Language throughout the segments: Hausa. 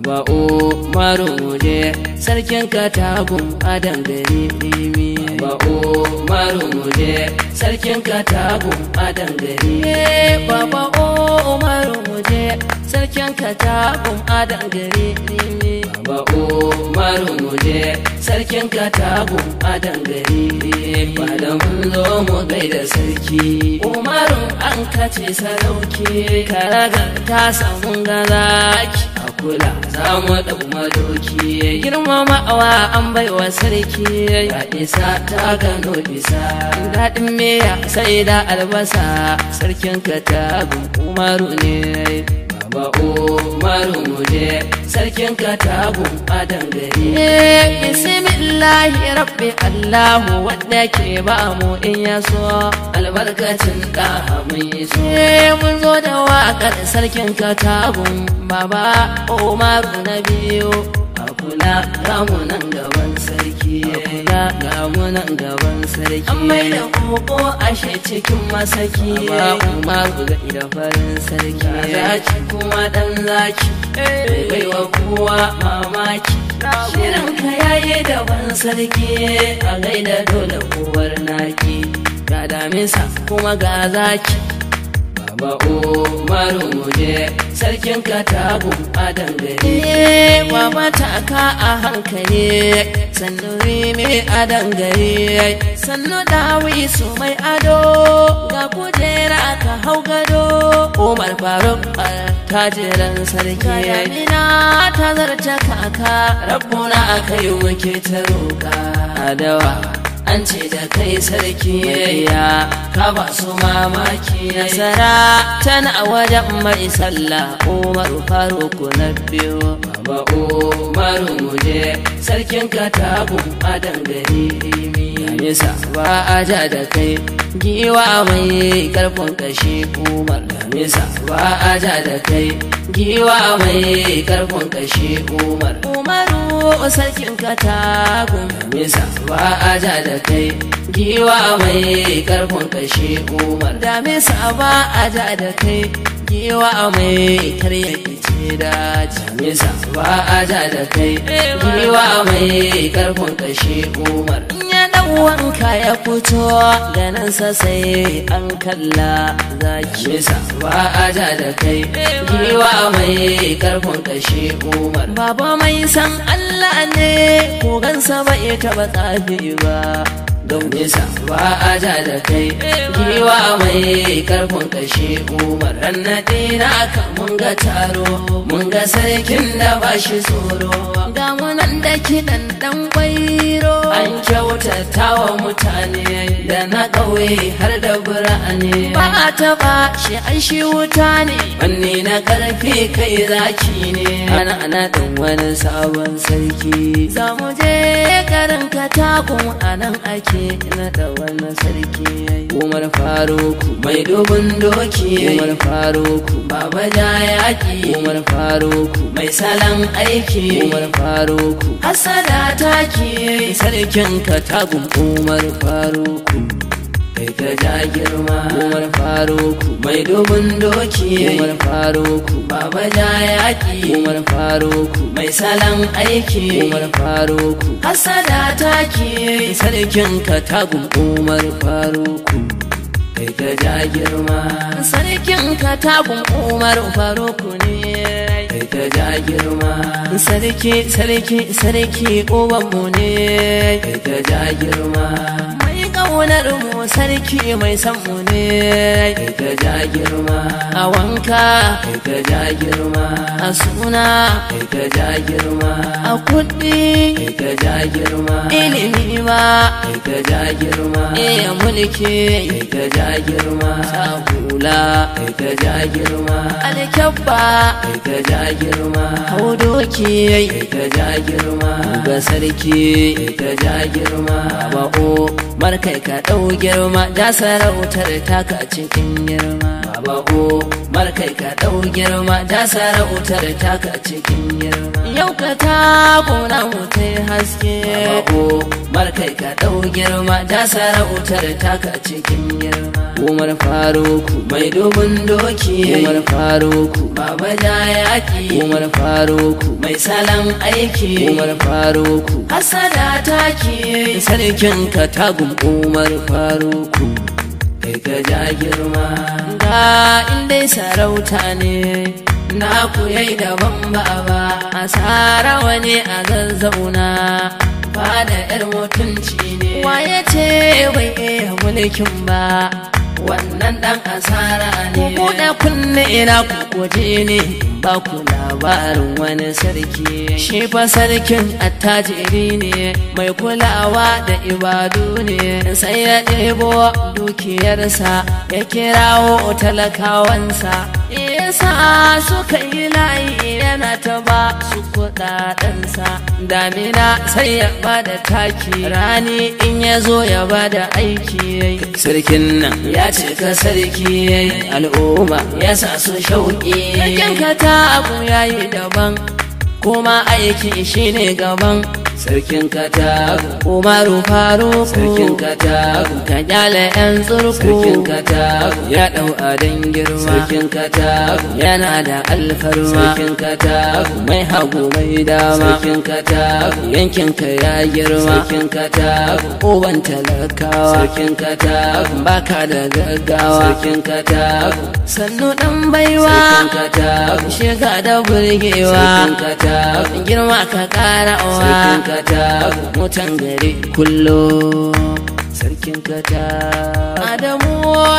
ba o maru muje sarkin katagun adam da rimi ba o maru muje sarkin katagun adam da rimi eh, baba o maru muje sarkin katagun adam da rimi Ba o maru muje sarkin katagun adam da rimi ba da mun zo mu gaida sarki umaru an kace sarauke karaga ta samu gazaki kula za mu ɗau madoki girma ma'awa an baiwa sarki ya isa ta gano bisa daɗin meya sai da albasa sarkin ka ta umaru ne ba umaru muje sarkin katabu a dangare eh bismillahi rabbi allahu wanda ke ba mu in ya so albarkacin da mun yi so eh mun zo da wakar sarkin katakun baba umaru na biyu a kula ramu nan gaban sarki ga munan gaban sarki an mai da koko ashe cikin masaki ba kuma ku ga ida farin sarki zaci kuma dan zaki eh. bai wa kowa mamaki shirin ka yayi ban sarki a gaida dole kowar naki ga damisa kuma ga zaki ba umaru muje sarkin katabu a dangare wa mata ka a hankali sannu rime a dangare sannu dawi su mai ado ga kujera ka hau gado umar faruk tajiran sarki ya ta zarce kaka rabbuna a kai wuke ta roka adawa an ce da kai sarki ya ka ba su mamaki nasara tana wajen mai sallah umaru faruku na biyu baba umaru muje sarkin katabun a dangane nisa ba a ja da kai giwa mai karfin kashi umar nisa ba a ja da kai giwa mai karfin kashi umar umaru sarkin katagun nisa ba a ja da kai giwa mai karfin kashi karshe umar da me ba a ja da kai giwa mai karya ce da jami ba a ja da kai giwa mai karfin karshe umar ya dawon kaya ya fito ganin sa sai an kalla zaki ba a ja da kai giwa mai karfin karshe umar baba mai san Allah ne ko gansa bai taba tsafi ba gaunisa ba a ja da kai giwa mai karfin kashe umar rannade na ka mun ga taro mun ga sarkin da ba shi tsoro ga munan da kiɗan dan bairo an kyautata wa mutane da na ƙauye har da birane ba a taɓa shi an shi wuta ne wanne na ƙarfi kai zaki ne ana naɗin wani sabon sarki za mu je garin katakon a nan ake naɗa wani sarki umar faruku mai dubin doki umar faruku baba da yaƙi umar faruku mai salon aiki umar faruku hasada taki sarki aikin ka tagun umar faruku kai ka ja girma umar faruku mai domin doki umar faruku baba ja yaki umar faruku mai salon aiki umar faruku hasada taki sarkin ka tagun umar faruku kai ka ja girma sarkin ka tagun umar faruku ne ka ja girma sarki sarki sarki uwanmu ne ka ja girma ƙaunar mu sarki mai samu ne ita ja girma a wanka ita ja girma a suna ita ja girma a kuɗi ita ja girma ilimi ma ita ja girma iya mulki ita ja girma sabula ita ja girma alkyabba ita ja girma haudoki ita ja girma ga sarki ita ja girma ba'o markai ka ɗau girma da sarautar taka cikin girma baba o markai ka ɗau girma da sarautar taka cikin girma yau ka ta kona mu ta haske baba kamar kai ka ɗau girma ta sarautar taka cikin girma umar faruku mai dubun doki umar faruku baba da yaki umar faruku mai salon aiki umar faruku hasada ki. sarkin ka gum. umar faruku kai ka ja girma da indai sarauta ne na ku yai daban ba ba a tsara wani a zazzauna da yar mutunci ne waye ce bai iya mulkin ba wannan dan asara ne ku da kunne ina ku goje ne ba ku labarin wani sarki shi fa sarkin attajiri ne mai kulawa da ibadu ne sai ya ɗebo dukiyarsa ya kirawo talakawansa eh, yasa suka yi layi yana ta ba su kudadensa damina sai ya bada taki rani in ya zo ya bada aiki yayi sarkin nan ya cika sarki yayi al'umma yasa su shauki yayi ka ta abu yayi daban kuma aiki shine gaban sarkin katagu umaru faruku sarkin Ka kajala yan tsurku sarkin katagu ya dau adan girma sarkin katagu yana da alfarma sarkin katagu mai hagu mai dama sarkin katagu yankin ka ya girma sarkin katagu uban talakawa sarkin katagu baka da gaggawa sarkin katagu sannu dan baiwa sarkin katagu shiga da burgewa sarkin katagu girma ka kara uwa kata mutan gari kullo sarkin kata adamu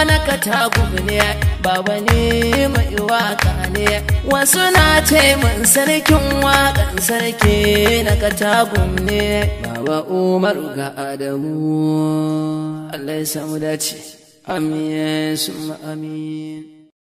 na kata ne baba ne mai waka ne wasu na ce min sarkin wakan sarki na kata ne baba umar ga adamu Allah ya samu dace amin amin